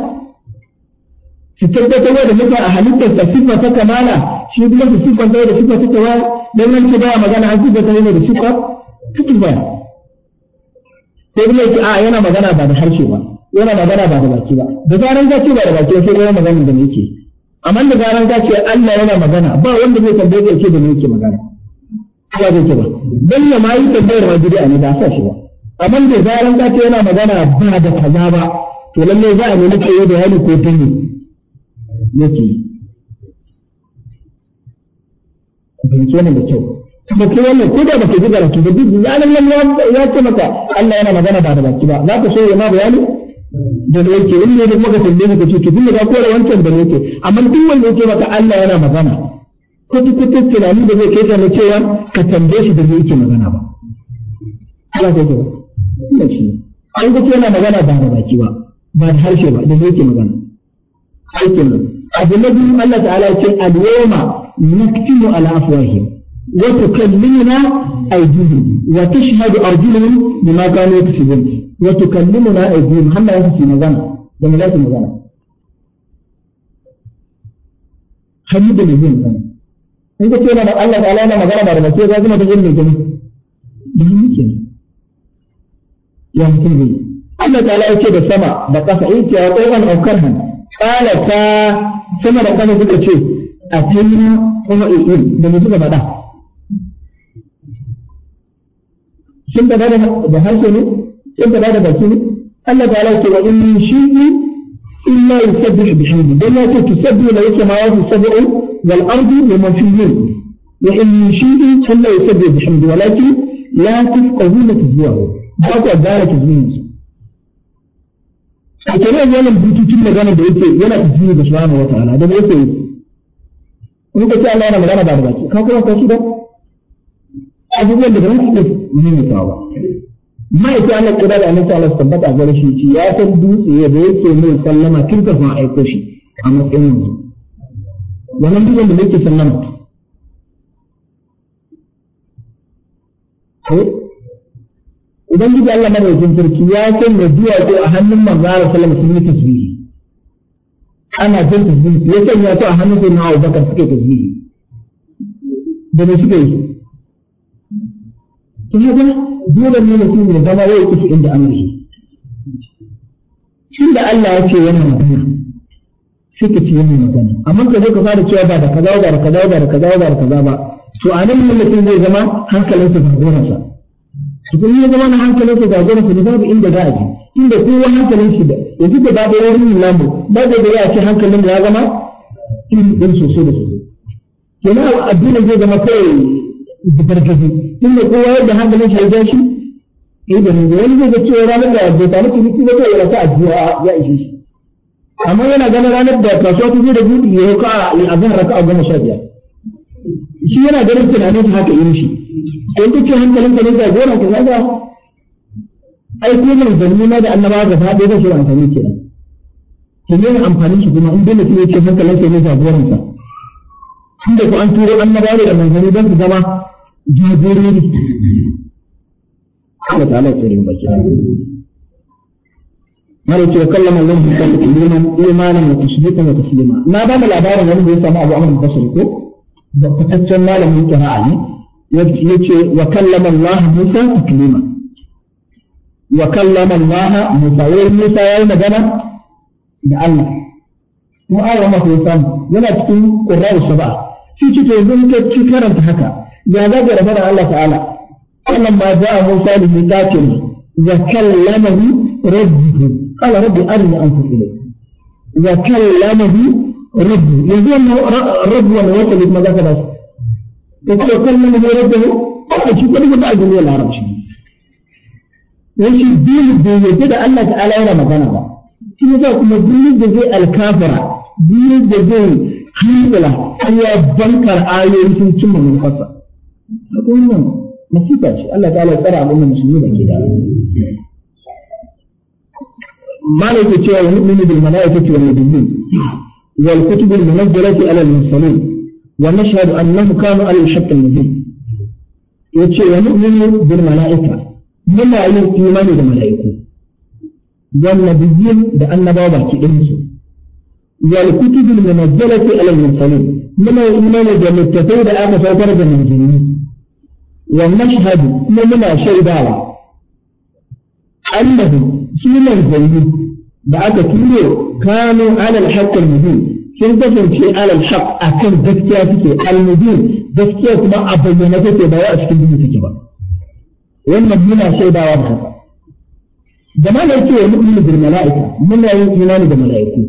ki tabbatar da mutum a halittar sa sifa ta kamala shi kuma su sifa ta da sifa ta kamala dan nan ki baya magana an sifa ta da sifa ta kamala sai kuma ki a yana magana ba da harshe ba yana magana ba da baki ba da zaran ka ce ba da baki sai yana magana da yake amma da zaran ka ce Allah yana magana ba wanda zai tambaye ka ce da yake magana Allah zai ce ba dan ya ma yi tambayar ma a ne ba sa shi ba amma da zaran ka ce yana magana ba da kaza ba to lalle za a ne ce yi bayani ko tuni yake bincike wannan da kyau ba ke wannan ko da ba ke ji karatu ba duk zalim nan ya ce maka Allah yana magana ba da baki ba za ka so ya ma bayani da ne yake in ne duk maka tambaye ka ce ki dinga ka kora wancan da ne yake amma duk wanda yake maka Allah yana magana ko duk kuta tunani da zai kai ka na cewa ka tambaye shi da ne yake magana ba Allah ya tuna shi an ga yana magana ba da ba ba da harshe ba da zai magana aikin nan abu na biyu Allah ta'ala ce alwama naktimu ala afwahim wa tukallimuna aydihim wa tashhadu arjuluhum bima kanu yaksubun wa tukallimuna aydihim hamma yake shi magana da mai zai magana da mai magana in ka ce na Allah ta'ala yana magana ba da baki ba zama da zai mai gani da hannu yantahi Allah ta'ala ce da sama da ƙasa in ce wa tsohon aukarhan ƙala ta sama da ƙasa suka ce a tayyana kuma i'in da mu suka faɗa sun faɗa da harshe ne sun faɗa da baki ne Allah ta'ala ya ce wa in min shi'i illa yusabbihu bihamdi dan ya ce tusabbihu lahu ba ku gane tazminin su a kare wannan bututun magana da yake yana tazmini da subhanahu wa ta'ala da yake in ka ce Allah yana magana ba da baki ka kuma ka shi abubuwan da ba su da ta ba Allah kira da annabi Allah tabbata gare shi ci ya san dutse da yake mai sallama tun da fa aiko shi a matsayin yanzu wannan dutsen da yake sallama eh? ubangiji Allah madaukakin sarki ya zuwa duwatsu a hannun manzo Allah sallallahu alaihi wasallam sun yi ana jin tasbihi ya sanya su a hannun sai na Abu suke tasbihi da ne suke yi kuma dole ne mutum ya zama wai kusa inda yi Shin da Allah ya ce wannan magana suka ce wannan magana amma ka zo ka fara cewa ba da kaza ba da kaza ba da kaza ba da kaza ba to a nan mutum zai zama hankalinsa ba gurinsa idan ya zama na hankalin ka ga ne babu inda za a ji inda kowa hankalin shi da yanzu da babu wani namu ba da ya ce hankalin da ya zama in din sosai da sosai kenan addinin zai zama kai da gargazi inda kowa yadda hankalin shi ya ja shi idan eh, wani zai ga cewa ranar da bai ta mutu ne zai ta addu'a ya ishe shi amma yana ganin ranar da kasuwa ta zai da gudu ya yi ka a raka a goma sha biyar shi yana ganin tunanin haka yin shi don duk hankalin ka ne jagora ka zaga ai ko mun zanni ma da annabawa ga faɗe da su amfani ke to me amfanin shi kuma in dole ne ce hankalin ka ne jagoran ka tunda ko an turo annabawa da manzanni don su zama jagorori Allah ta'ala ya rin baki mara ce kallon Allah ya kalli imanan wa tasbiqan wa taslima na ba mu labarin wani da ya samu abu amma da ko da fitaccen malamin qira'a ne yace wa kallama Allah Musa taklima wa kallama Allah Musa wai Musa yayi magana da Allah mu ayo ma ko yana cikin qira'u sab'a shi ce to yanzu muke ci karanta haka ya za ga rabar Allah ta'ala Allah ma a Musa da li miqatin wa kallamahu rabbuhu qala rabbi arini anzur ilayk wa kallamahu ربي يزي أنه ربي والوطن لما ذاك بس يقول كل من يرده أنا شو كل من أجل ولا عرب شو يشي الدين الدين كده الله تعالى أنا مكانه بقى shi za kuma duk da zai alkafara duk da zai hankala an ya bankar ayoyi sun cimma manufarsa a wannan masifa ce Allah ta'ala tsara abin da musulmi da ke da malaka cewa wani mu'minu bil malaikati wal nabiyyin والكتب المنزلة على المرسلين ونشهد أنهم كانوا على الشق المبين يتشي ونؤمن بالملائكة مما يلقي إيمان بالملائكة والنبيين بأن بابا كئنسو والكتب المنزلة على المرسلين مما يؤمن بالمتفين بأن فوتر بالمنزلين ونشهد مما شهد على أنهم سنة الجنين da aka turo kanu alal haqqal mudin sun kasance alal haqq akan gaskiya take al mudin gaskiya kuma a bayyana take ba a cikin duhu take ba wannan muna shaidawa da haka da ma yake wa mu'minu bil mala'ika muna yin imani da mala'iku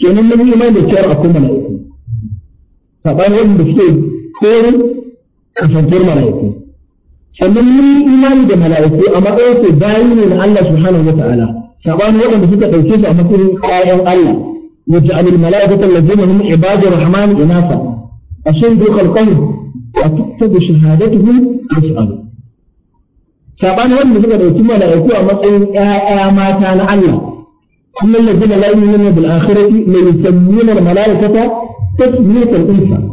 kenan mun yi imani da cewa akwai mala'iku saban wanda suke korin kasantuwar mala'iku sannan mun yi imani da mala'iku amma matsayin su bayi na Allah subhanahu wa ta'ala كمان وقت بسيطة تنسيش أن نقول قائم ألا يجعل الملائكة الذين هم عباد الرحمن إناثا أشين دوق القوم أتكتب شهادتهم أسأل كمان وقت في تنسيش أن يكون مطعم آما كان ألا أما الذين لا يؤمنون بالآخرة ليسمون الملائكة تسمية الأنثى.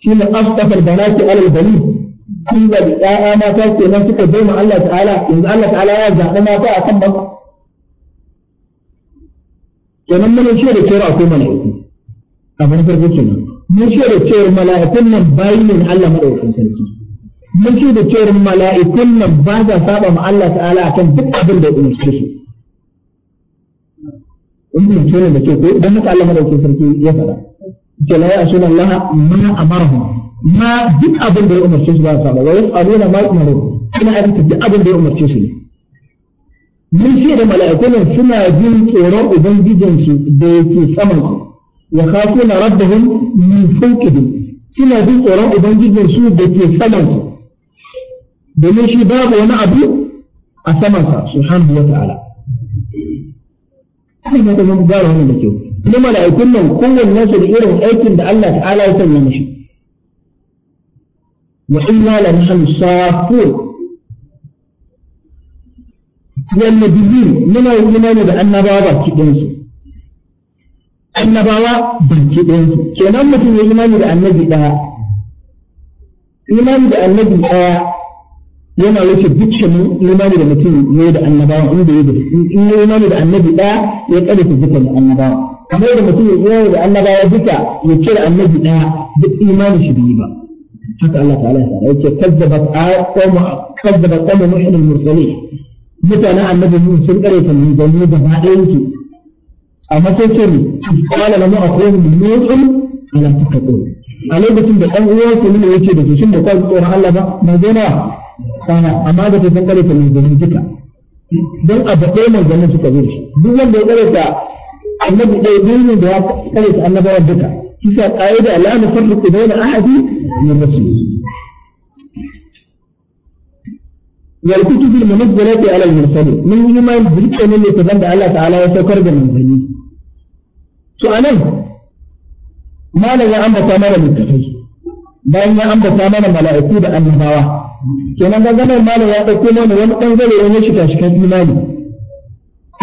شنو أصدق البنات على البنين sun zaɓi ƴaƴa mata kenan suka bai ma Allah ta'ala yanzu Allah ta'ala ya zaɓi mata a kan maza kenan mun shi da cewa akwai mala'iku a wani farko kenan mun shi da cewa mala'ikun nan bayi ne Allah madaukakin sarki mun shi da cewa mala'ikun nan ba za saba ma Allah ta'ala akan duk abin da ya umarce su in mun shi da cewa idan haka Allah madaukakin sarki ya faɗa jala'a sunan Allah ma amarahum ma duk abin da ya umarce su ba sa ba wa yas'aluna ma umaru suna aikata duk abin da ya umarce su ne mun ce da mala'ikunan suna jin tsoron ubangijinsu da yake saman su wa khafuna rabbahum min fawqihim suna jin tsoron ubangijinsu da ke saman su domin shi babu wani abu a saman sa subhanahu wa ta'ala ai ne da mun gara wannan da kyau kuma mala'ikun nan kowanne irin aikin da Allah ta'ala ya sanya وإنا لنحن الصافون والنبيين منا ومنا نبى النبوة كدنسو النبوة بكدنسو كنا متن إيمان بالنبي ده إيمان بالنبي ده yana wuce dukkanin imani da mutum ne da annabawa inda ya da in ya imani da annabi ɗaya ya tsare ta dukkanin annabawa kamar da mutum ya imani da annabawa duka ya cire annabi ɗaya duk imani shi bai yi ba haka Allah ta'ala ya fara yake kazzabat qawma kazzabat qawma nuhin al mutanen annabi nuh sun kare ta mun da baɗin ki amma sai ce ni qala lamu aqulu nuhin ala taqul a lokacin da ɗan uwan ku ne yake da shin da kwa tsoron Allah ba mai gona kana amma da sun kare ta mun gani duka don a baɗe mai gani suka zo shi duk wanda ya kare ta annabi ɗaya biyu ne da ya kare ta annabawa duka kisa ƙa'ida la nufarriqu bayna ahadin kamar rashin su. Yalkutu bil munazzalati ala al-mursalin min yuma yuzrikani li tabanda Allah ta'ala wa saukar da manzali. To anan malam ya ambata mana littafai bayan ya ambata mana mala'iku da annabawa kenan ga zaman malam ya dauko mana wani dan gare ne shi tashi kan imani.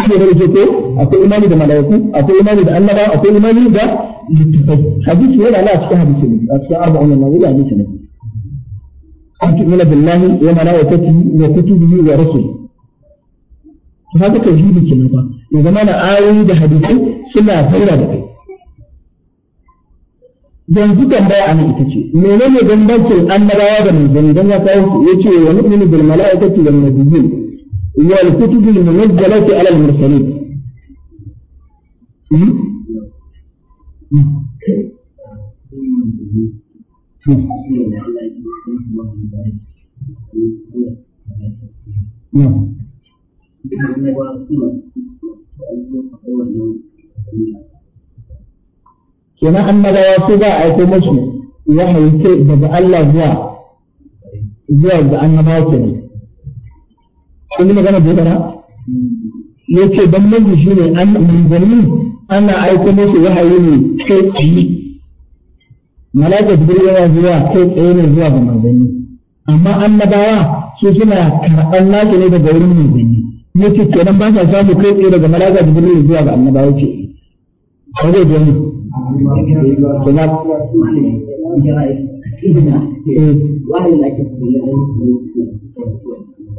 shi ne da ko akwai imani da malaiku akwai imani da annaba akwai imani da littafai hadisi yana Allah cikin hadisi ne a cikin arba'un nan wuri hadisi ne an tu'mina billahi wa malaikatihi wa kutubihi wa rusulihi to haka tauhidi kenan ba ya zama na ayoyi da hadisai suna fara da kai yanzu tambaya a nan ita ce menene bambancin annabawa da manzanni dan ya kawo ya ce wa nu'minu bil malaikati wan nabiyyin والكتب المنزلة على المرسلين kenan ya su za a aiko musu wahayi ce daga Allah zuwa zuwa ga annabawa kun yi magana da yara ya ce dan manzo shine ne an manzanni ana aiko musu wahayi ne kai tsaye malaka jibril yana zuwa kai tsaye ne zuwa ga manzanni amma annabawa su suna karɓar nasu ne daga wurin manzanni ya ce kenan ba sa samu kai tsaye daga malaka jibril zuwa ga annabawa ce ba zai biya mu kuma wahayi da ake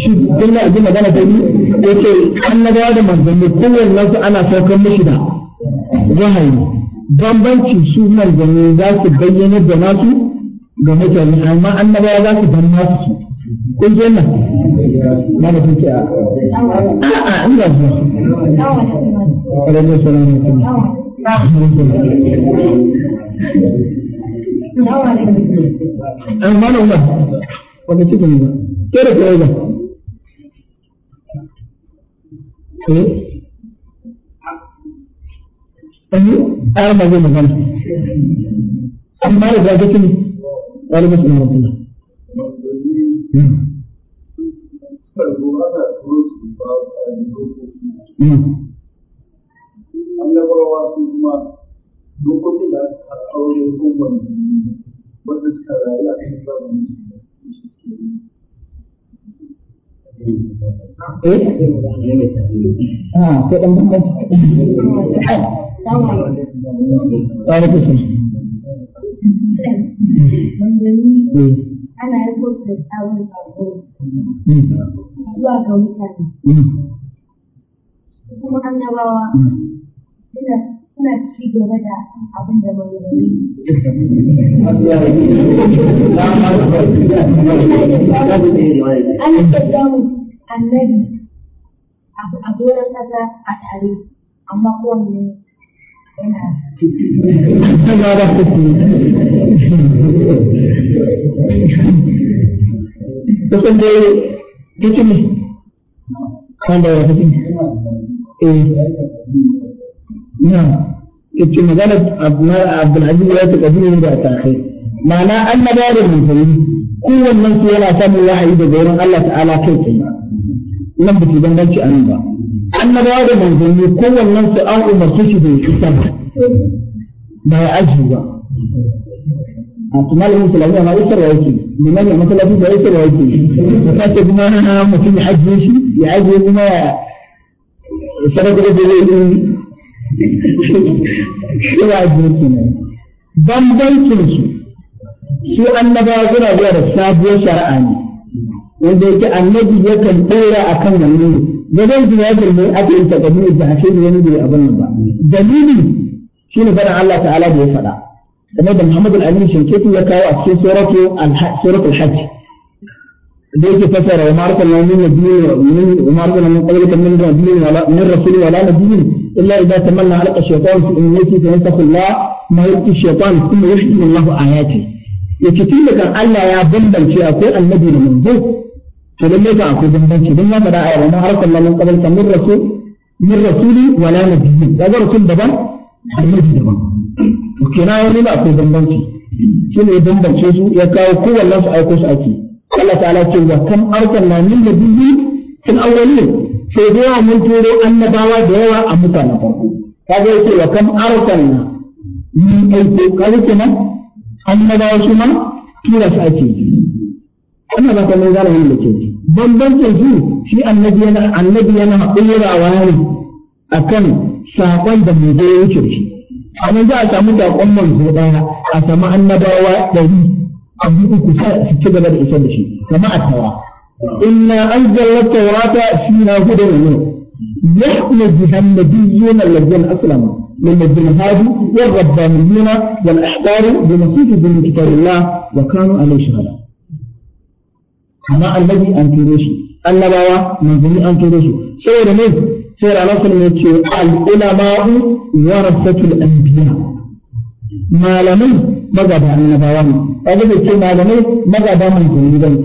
shi kun ga abin magana yace annabawa da manzanni kowannen su ana saukar mishi da wahayi bambancin su manzanni za su bayyana da nasu ga mutane amma annabawa za su ban nasu su kun ji wannan na da kuke a a ina أعلم a زي مغنى أما إذا جتني da aka aure eh ah ana yi ko da tsawon sabo zuwa ga mutane kuma suna ci gaba da abin da ba Ana iya samun annabi a doron ƙasa a tare, amma kowanne yana. ya نعم مثلا ابناء عبد العزيز ولاد القديم من بعد تاخير معناه ان دار المسلمين كل من في ولا سمى واحد غير الله تعالى كيف ما بتي بنت انا با ان دار المسلمين كل من في ان امر كيف في كتاب ما اجوا اطمال من سلام انا اسر وايتي لمن مثلا في بيت وايتي فكانت بناها ما في حد يشي يعجب ما سبب له Suna biyu kenan. Bambancin su, su annabawa suna zuwa da sabuwar shari'a ne. Wanda yake annabi yakan ɗora a kan wannan ne. Ba zai zuwa girme aka yi gani da hashe da wani bai abin nan ba. Dalili shi ne faɗin Allah ta'ala da ya faɗa. Kamar da Muhammadu Al-Amin Shinkitu ya kawo a cikin suratul Hajj. ليك فترة وما أرسلنا من نبي وما أرسلنا من قبلك من نبي ولا من رسول ولا نبي إلا إذا تمنى عليك الشيطان في أمنيتي فينسخ الله ما يبكي الشيطان ثم يشتم الله آياته يكتب لك ألا يا بندم في أقول النبي المنزل فلما يقع أقول بندم في دنيا فلا أعلم وما أرسلنا من قبلك من رسول من رسول ولا نبي هذا رسول دبان النبي دبان وكنا يقول أقول بندم في شنو يبندم في يكاو كل الناس أو كوس أكيد Allah ta'ala ce wa kam arsalna min nabiyyin fil awwalin sai da yawa mun turo annabawa da yawa a mutanen farko kaga yake wa kam arsalna min aiko kaga kenan annabawa su ma tura su ake ana ba ta mai zara yin da ke bambancin su shi annabi yana annabi yana haƙurawa ne akan saƙon da mu zai wuce shi amma za a samu saƙon manzo ɗaya a samu annabawa ɗari abu uku su ci gaba da كما da shi kama a taura inna anzalna tawrata fiha hudan الذين nur yahkum الجهاد والربانيين والأحبار بنصيب من كتاب الله وكانوا عليه شهداء كما الذي أنكروش النبوة من ذي أنكروش سير من سير على سلمة العلماء ورثة الأنبياء ما لم ماذا عن النبوة kaga bai ce malamai maza ba mai gari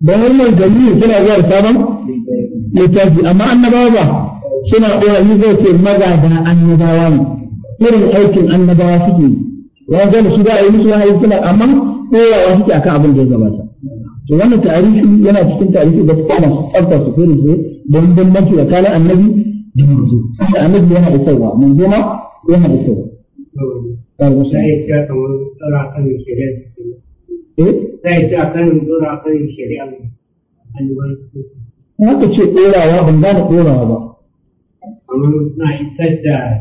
ba don wannan gari suna zuwa sabon littafi amma annabawa ba suna ɗora yi zai ce maza da annabawa ne irin aikin annabawa suke wani zai su ba a yi musu wahayi suna amma ɗorawa suke akan abin da ya gabata to wannan tarihi yana cikin tarihi da suka masu tsafta su fere su don bambanci da kalan annabi da manzo annabi yana da sauwa manzo ma yana da sauwa Babu ya ce kamar tsara shari'a. Eh? Sai ya ce kan Haka ce ɗorawa ban gane ɗorawa ba.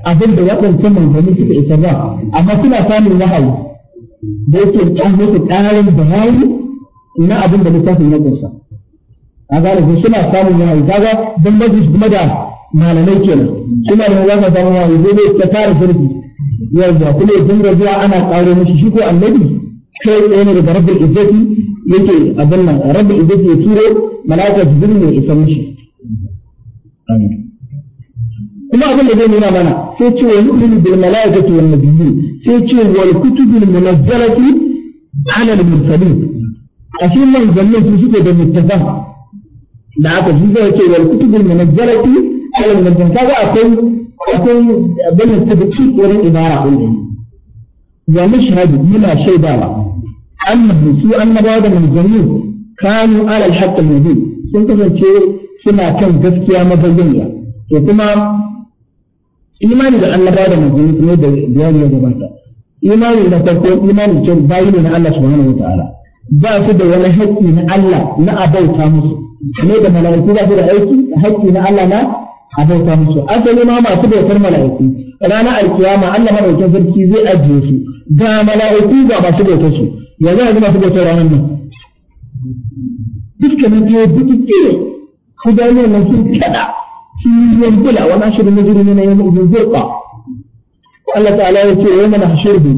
Abin da waɗancan manzanni suka isa ba, amma suna samun wahayi. Da yake abin da suna samun don bazu kuma da malamai kenan kuma da za ka samu wani zai ta fara zurfi yawwa kuma ya da zuwa ana ƙaro mishi shi ko annabi kai tsaye ne daga rabbul izzati yake abin nan rabbul izzati ya turo malaka jibril ne ya isa mishi kuma abin da zai nuna mana sai ce wa yu'minu bil malaikati wan biyu. sai ce wal kutubil munazzalati ala al mursalin nan manzannin su suke da muttafaq da aka shi zai ce wal kutubil munazzalati alam da dan kaga akwai akwai abin da take ci irin ibara din ne wa mashhadu muna shaidawa annahu su annabawa da manzanni kanu ala al-haqq al-mubin sun kasance suna kan gaskiya mabayyana to kuma imani da annabawa da manzanni kuma da bayani ya gabata imani da farko imani ce bayi ne na Allah subhanahu wataala ba su da wani haƙƙi na Allah na abauta musu ne da mala'iku ba su da aiki haƙƙi na Allah na abauta musu asali ma masu bautar mala'iku ranar alkiyama Allah madaukin sarki zai ajiye su ga mala'iku ga masu bautar su ya za a zama su bautar ranar nan dukkanin ta yi duk kire su gano nan sun kada su yi yan bula wani ashirin na jirgin na yin ubin zurfa Allah ta'ala ya ce yana na hashirbi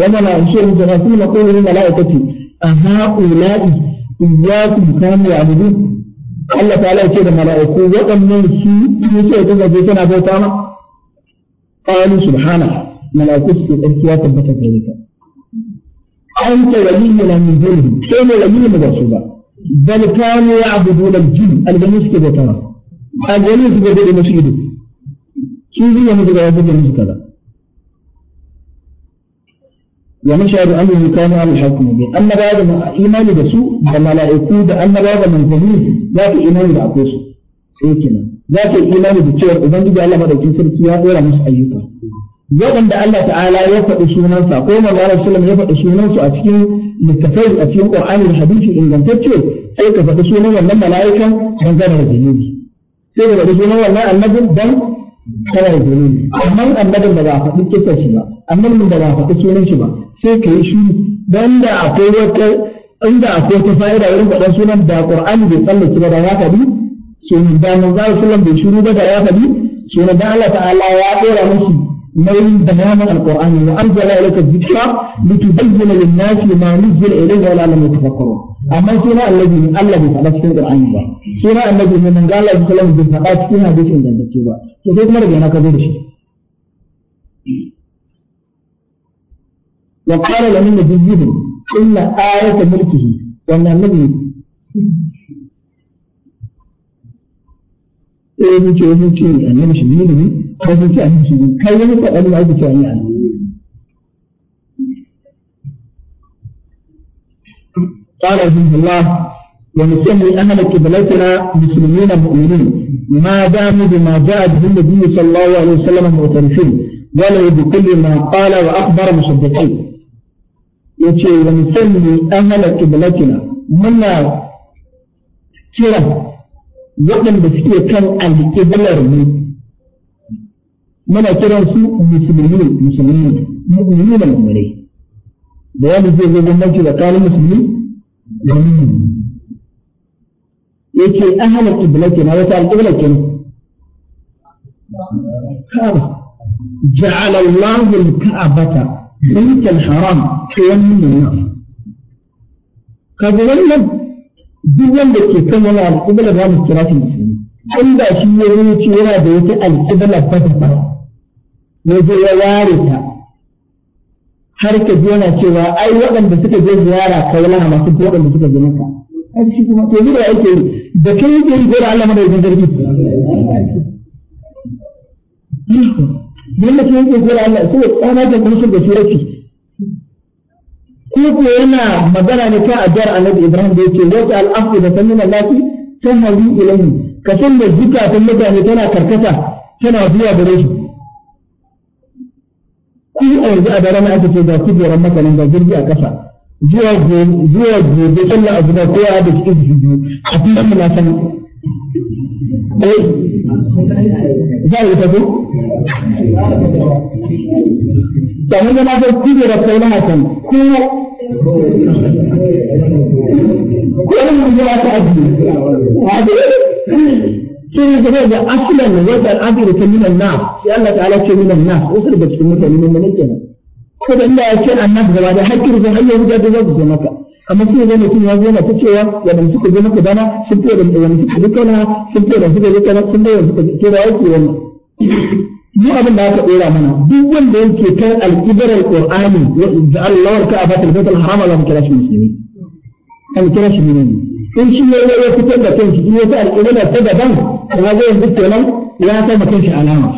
yana na hashirbi da rasu na kowane mala'ikati a ha'ula'i iyakum kanu ya'budun Allah ta'ala ce da mala'iku waɗannan su yake kasance tana bauta ma qalu subhana mala'iku suke tsarkiya tabbata gare ka أنت ولينا من دونهم كان ولينا مغصوبا بل كانوا يعبدون الجن الجنوس كذا ترى الجنوس كذا Su شو زي ما تقول da ابو كذا ya mashahadu an yi kawo an shafi ne an na bada mu da su da mala'iku da an na bada mu za ka imani da akwai su za ka imani da cewa idan gidi Allah madaukin sarki ya tsora musu ayyuka waɗanda Allah ta'ala ya faɗi sunansa ko mallara sallam ya faɗi sunansu a cikin littattafai a cikin qur'ani da hadisi ingantacce sai ka faɗi sunan wannan mala'ikan dan gane da dalili sai ka faɗi sunan wannan annabin dan kana da dalili amma annabin da ba a faɗi kisan shi ba annabin da ba a faɗi sunan shi ba sai ka yi shiru dan da akwai wata inda akwai ta fa'ida wurin faɗan sunan da qur'ani bai tsallake ba da ya faɗi sunan da manzo sallallahu bai shiru ba da ya faɗi sunan da Allah ta'ala ya dora musu nauyin bayanin alqur'ani wa anzala ilayka dhikra litubayyana lin-nasi ma nuzila ilayhim wa la'allahum yatafakkarun amma suna annabi ne Allah bai faɗa cikin Qur'ani ba suna annabi ne manzo Allah sallallahu alaihi bai faɗa cikin hadisi ba to sai kuma da shi wa qala lamin ayata mulkihi annabi eh ce ce annabi shi ne ne ko ce annabi shi ne kai ne ka ɗan قال رحمه الله ونسمي أهل قبلتنا مسلمين مؤمنين ما داموا بما جاء به النبي صلى الله عليه وسلم معترفين ولو بكل ما قال وأخبر مصدقين يتشي ونسمي أهل قبلتنا منا كرة وقم بسكية كان عن القبلة رمي منا كرة سوء مسلمين مسلمين مؤمنين مؤمنين بيان الزيزة زي قال مسلمين yake ahalar ƙibla kenan wata alƙibla kenan ka'aba ja'ala Allahu al-ka'abata baitul haram wani min kaga wannan duk wanda ke kan wani ba mu kira shi musulmi inda shi ya yana da wata alkibla ba ta ya ware ta har ka jona cewa ai waɗanda suka je ziyara ka lana masu ko waɗanda suka je maka ai shi kuma to gida yake yi da kai yake yi gore Allah madaukakin sarki dan da kai yake gore Allah sai tsana da kuma shirga surati ko ko yana magana ne kan a Annabi Ibrahim da yake wata al'afu da sanin Allah ta hali ilahi ka san da zukatan mutane tana karkata tana zuwa gare shi shi a yanzu a daren aka ce ga kujerar makanin ga jirgi a ƙasa zuwa zuwa gobe sallar azuba ko ya da cikin su biyu a mu na san eh za a tafi da mun zama ko kujerar sai na san ko ko mun zama a azuba sai ga da aslan ne zai da abiru ta minan nas sai Allah ta'ala ce minan nas wasu daga cikin mutane mun ne kenan ko da Allah ya ce annas gaba da hakki da hayya da da zai zo maka amma sai ga mutum ya zo ta cewa ya da suka zo maka dana sun ce da ya mutu da kana sun ce da suka zo kana sun da suka ce da yake wannan mu abin da aka dora mana duk wanda yake kan al-qibr al-qur'ani ya ja'al Allah ka abatul baytul haram wa kira shi musulmi an kira shi musulmi in shi ne ya fitar da kanshi in ya sa alƙibla ta daban kuma zai yanzu kenan ya sa da kanshi alama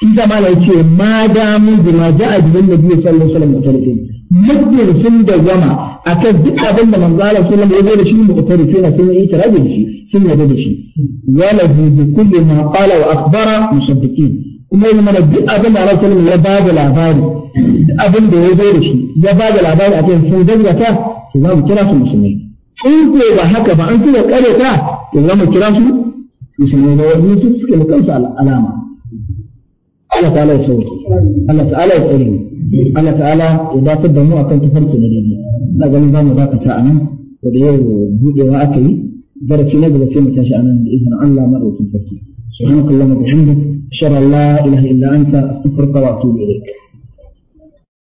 shi zama na ce ma damu bi ma ja'a bi da nabi sallallahu alaihi wasallam mutarifin mutum sun da a kan duk abin da manzo sun sallallahu alaihi ya zo da shi mutarifin sun yi itirabi da shi sun yarda da shi wala bi kulli ma qala wa akhbara musaddiqin kuma yana mana duk abin da Allah sallallahu ya ba da labari abin da ya zo da shi ya ba da labari kan sun dangata su za mu kira su musulmai in ko ba haka ba an suka kare ta to za mu kira su musulmai da wani su suke kansu alama Allah ta'ala ya sauke Allah ta'ala ya tsare Allah ta'ala ya dafar da mu akan tafarki na dai na ganin zamu dakata a nan to da yau budewa aka yi darasi na gaba sai mu tashi a nan da izinin Allah madaukakin sarki subhanakallahumma wa bihamdika ashhadu an la ilaha illa anta astaghfiruka wa atubu ilaik